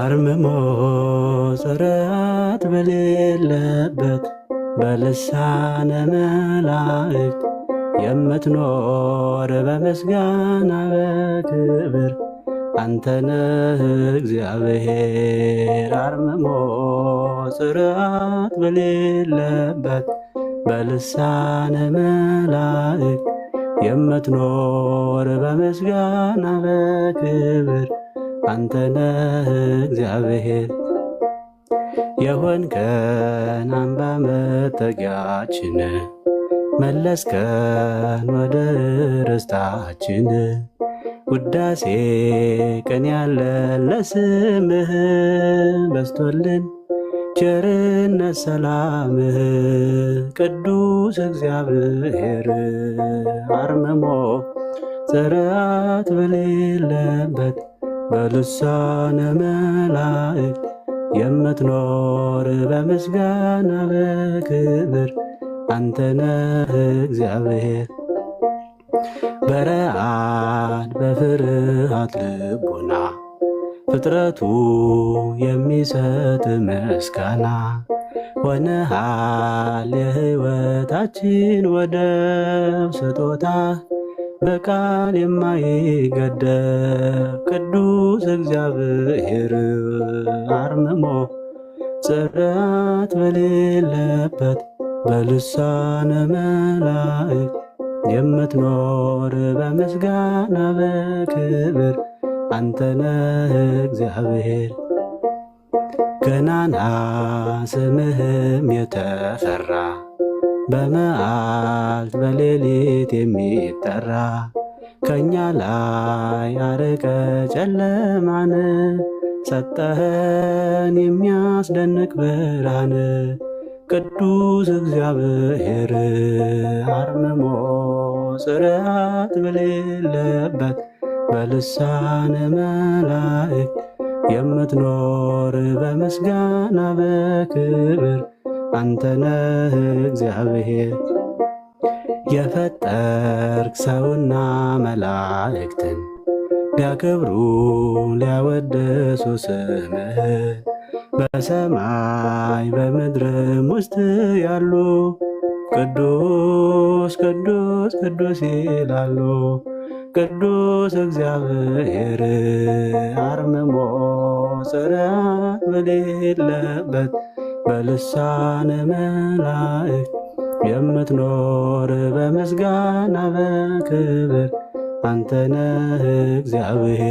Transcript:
አርምሞ ጽረት በሌለበት በልሳነ መላእክት የምትኖር በምስጋና በክብር አንተነህ እግዚአብሔር አርምሞ ጽርዓት በሌለበት በልሳነ መላእክት የምትኖር በምስጋና በክብር አንተነ እግዚአብሔር የሆንከን አምባ መጠጊያችን መለስከን ወደ ርስታችን ውዳሴ ቀን ያለን ለስምህ በስቶልን ቸርነት ሰላምህ ቅዱስ እግዚአብሔር አርምሞ ዘርአት በሌለበት በልሳነ መላእክት የምትኖር በምስጋና በክብር አንተነ እግዚአብሔር። በረአድ በፍርሃት ልቡና ፍጥረቱ የሚሰጥ ምስጋና ሆነሃል የሕይወታችን ወደብ ስጦታ በቃል የማይገደብ ቅዱስ እግዚአብሔር አርምሞ ጽርዓት በሌለበት በልሳነ መላእክት የምትኖር በምስጋና በክብር አንተነህ እግዚአብሔር ገናና ስምህም የተፈራ በመዓልት በሌሊት የሚጠራ ከእኛ ላይ አረቀ ጨለማን ሰጠህን የሚያስደንቅ ብርሃን። ቅዱስ እግዚአብሔር አርምሞ ጽርዓት በሌለበት በልሳነ መላእክት የምትኖር በምስጋና በክብር አንተነህ እግዚአብሔር የፈጠርክ ሰውና መላእክትን ሊያከብሩ ሊያወደሱ ስምህ በሰማይ በምድርም ውስጥ ያሉ ቅዱስ ቅዱስ ቅዱስ ይላሉ። ቅዱስ እግዚአብሔር አርምሞ ጽርዓት በሌለበት በልሳነ መላእክት የምትኖር በምስጋና በክብር አንተነ እግዚአብሔር